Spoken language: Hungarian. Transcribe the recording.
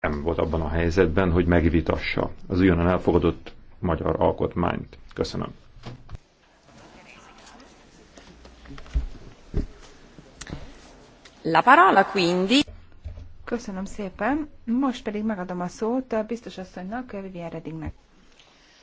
nem volt abban a helyzetben, hogy megvitassa az újonnan elfogadott magyar alkotmányt. Köszönöm. La parola quindi. Köszönöm szépen. Most pedig megadom a szót a biztos asszonynak, Vivian Redingnek.